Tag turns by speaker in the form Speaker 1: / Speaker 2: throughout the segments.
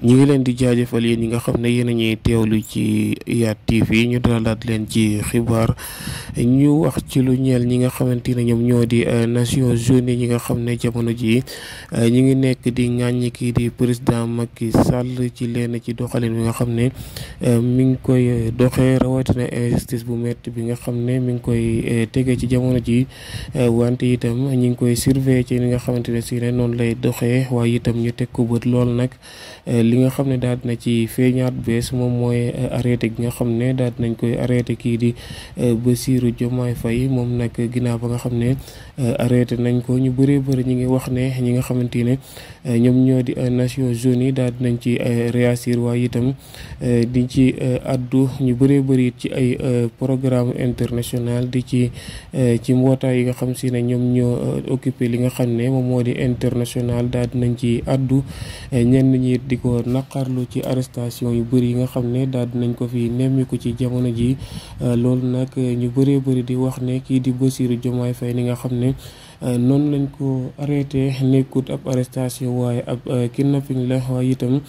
Speaker 1: ñu ngi leen di jaajëfal yéen ñi nga xam ne yéen a ñuy teewlu ci IYAT TV ñu dalalaat leen ci xibaar ñu wax ci lu ñeel ñi nga xamante ne ñoom ñoo di euh, Nations Unies ñi nga xam ne jamono jii euh, ñu ngi nekk di ŋàññi kii di président Macky Sall ci leen ci doxalin euh, bi nga xam ne mi ngi koy doxee rawatina injustice bu métti bi nga xam ne mi ngi koy tege ci jamono ji wante itam ñu ngi koy surveiller ci li nga xamante ne si ne noonu lay doxee waaye itam ñu teg ko lool nag. li nga xam ne daal dina ci feeñaat bees moom mooy euh, arrêté gi nga xam ne daal dinañ koy arrêté kii di euh, Bassirou Diomaye Faye moom nag ginnaaw ba nga xam ne euh, arrêté nañ ko ñu bëree bëri ñi ngi wax ne ñi nga xamante ne ñoom ñoo di Nations Unies daal dinañ ci réagir waaye itam di ci addu ñu bëree bëri ci ay programme international di ci ci mbootaay yi nga xam si ne ñoom ñoo li nga xam ne moom moo di international daal dinañ ci addu ñenn ñi di ko naqarlu ci arrestation yu bëri yi nga xam ne daal dinañ ko fi nemmiku ci jamono ji euh, loolu nag ñu bëree bëri di wax ne kii di Bassirou Diomaye Faye ni nga xam ne euh, noonu lañ ko arrêté nekkut ab arrestation waaye ab euh, kidnapping la waaye itam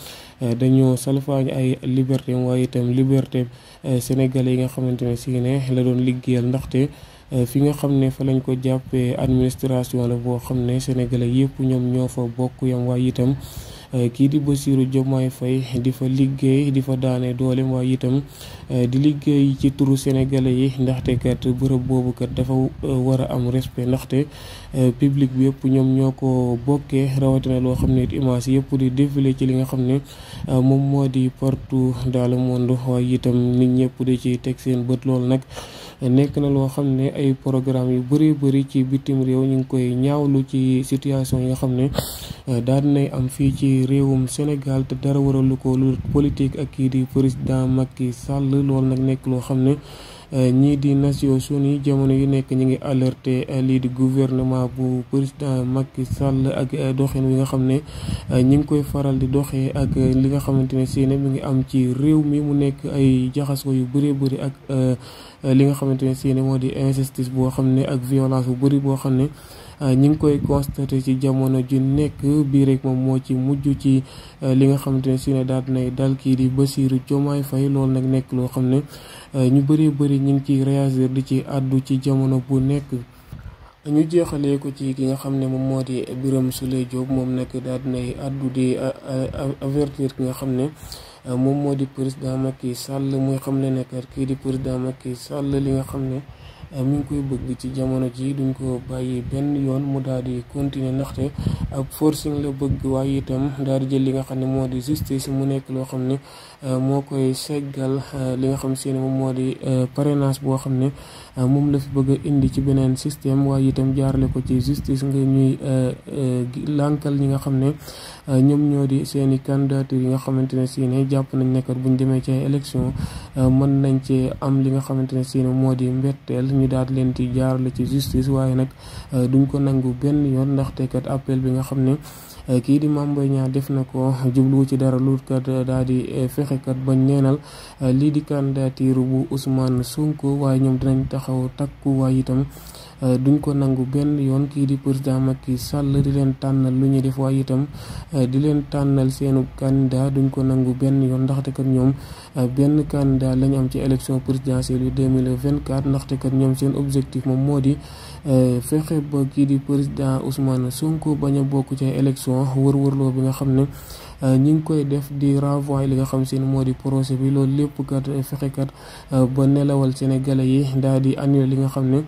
Speaker 1: dañoo salfaañ ay liberté waaye itam liberté sénégalais yi nga xamante ne si la doon liggéeyal ndaxte fi nga xam ne fa lañ ko jàppee administration la boo xam ne sénégalais yëpp ñoom ñoo fa bokk yam waaye itam Eh, kii di Bassirou Diomaye fay di fa liggéey di fa daane doole waaye itam eh, di liggéey ci turu sénégalais yi ndaxte kat bërëb boobu kat dafa eh, war a am respect ndaxte public bi yëpp ñoom ñoo ko bokkee rawatina loo xam ne image yëpp di défilé ci li nga xam ne moom moo di partout dans le monde waaye itam nit ñëpp di ci teg seen bët loolu nag nekk na loo xam ne ay programme yu bëri bëri ci bitim réew ñu ngi koy ñaawlu ci situation yoo xam ne euh, daal nay am fii ci réewum Sénégal te dara waralu ko lu politique ak kii di mag Macky Sall loolu nag nekk loo xam ne Eh, ñii di Nations Unies jamono yu nekk ñu ngi alerter eh, lii di gouvernement bu président Macky Sall ak eh, doxin wi nga xam ne ñi ngi koy faral di doxe ak li nga xamante ne seene mi ngi am ci réew mi mu nekk ay jaxasoo yu bëree bëri ak li nga xamante ne seene moo di injustice boo xam ne ak violence bu bëri boo xam ne Euh, ñu ngi koy constaté ci jamono ji nekk bii rek moom moo ci mujj ci euh, li nga xamante ne si ne daal dal kii di Bassirou Diomaye fay lool nag nekk loo xam ne euh, ñu bëree bëri ñu ngi ciy réagir di ci àddu ci jamono bu nekk ñu jeexalee ko ci ki nga xam ne moom moo di Birame Souleye Diop moom nag daal àddu di avertir ki nga xam ne moom moo di président Macky Sall mooy xam ne nekkat kii di président Macky Sall li nga xam ne mu ngi koy bëgg ci jamono ji duñ ko bàyyi benn yoon mu daal di continuer ndaxte ab forcing la bëgg waaye itam daal di jël li nga xam ne moo di justice mu nekk loo xam ne euh, moo koy seggal euh, li nga xam seeni moom moo di euh, parrainage boo xam ne moom la fi bëgg a indi ci beneen système waaye itam jaarale ko ci justice nga ñuy lànkal ñi nga xam ne ñoom ñoo di seeni candidature yi nga xamante ne si ne jàpp nañ nekkat buñ demee ci ay mën nañ ci am li nga xamante ne si ne moo di mbetteel ñu daal leen ci jaarale ci justice waaye nag euh, duñ ko nangu benn yoon ndaxte kat appel bi nga xam ne euh, kii di Mame Mbaye def na ko jublu ci dara lu euh, daal di fexe kat bañ neenal lii di candidature bu Ousmane Sonko waaye ñoom dinañ taxaw takku waaye itam Euh, duñ ko nangu benn yoon kii di président mag Macky Sall di leen tànnal lu ñu def waaye itam euh, di leen tànnal seenu candidat duñ ko nangu benn yoon ndaxte kat ñoom euh, benn candidat lañ am ci élection présidentielle yu 2024 ndaxte kat ñoom seen objectif moom moo di fexe ba kii di président Ousmane Sonko bañ a bokk ci élection wër-wërloo bi nga xam ne ñu ngi koy def di renvoi li nga xam seen moo di procès bi loolu lépp kat fexe kat ba nelawal sénégalais li nga xam ne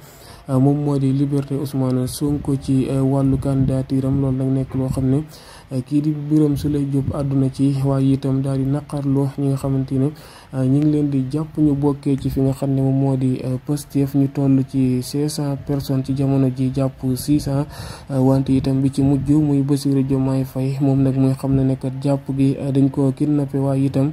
Speaker 1: Euh, moom moo di liberté Ousmane Sonko ci euh, wàllu candidature am loolu nag nekk loo xam ne euh, kii di Birame Souleye Diop àdduna ci waaye itam daal di naqarloo ñi nga xamante ne ñi ngi leen di jàpp ñu bokkee ci fi nga xam ne moom moo di Pastef ñu toll ci cinq cent personnes ci jamono ji jàpp six cent wante itam bi ci mujj muy Bassirou Diomaye fay moom nag muy xam ne nekkat jàpp gi dañ koo kidnappé waaye itam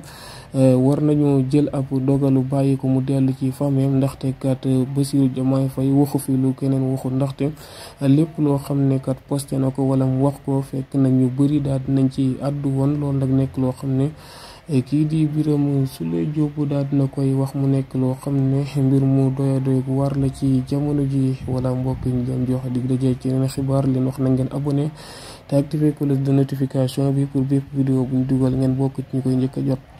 Speaker 1: Euh, war nañu jël ab dogalu bàyyi ko mu dellu ci fameem ndaxte kat euh, Bassirou Diomaye Faye waxu fi lu keneen waxu ndaxte euh, lépp loo xam ne kat posté na ko wala mu wax ko fekk na ñu bëri daal dinañ ci àddu woon lool nag nekk loo xam ne kii di Birame su Diop daal dina koy wax mu nekk loo xam ne mbir mu doy doy bu war la ci jamono ji wala mbokk ñu doon jox dig dajee ci yeneen xibaar leen wax na ngeen abonné te activer cloche de notification bi pour bépp vidéo bu dugal ngeen bokk ci koy njëkk jot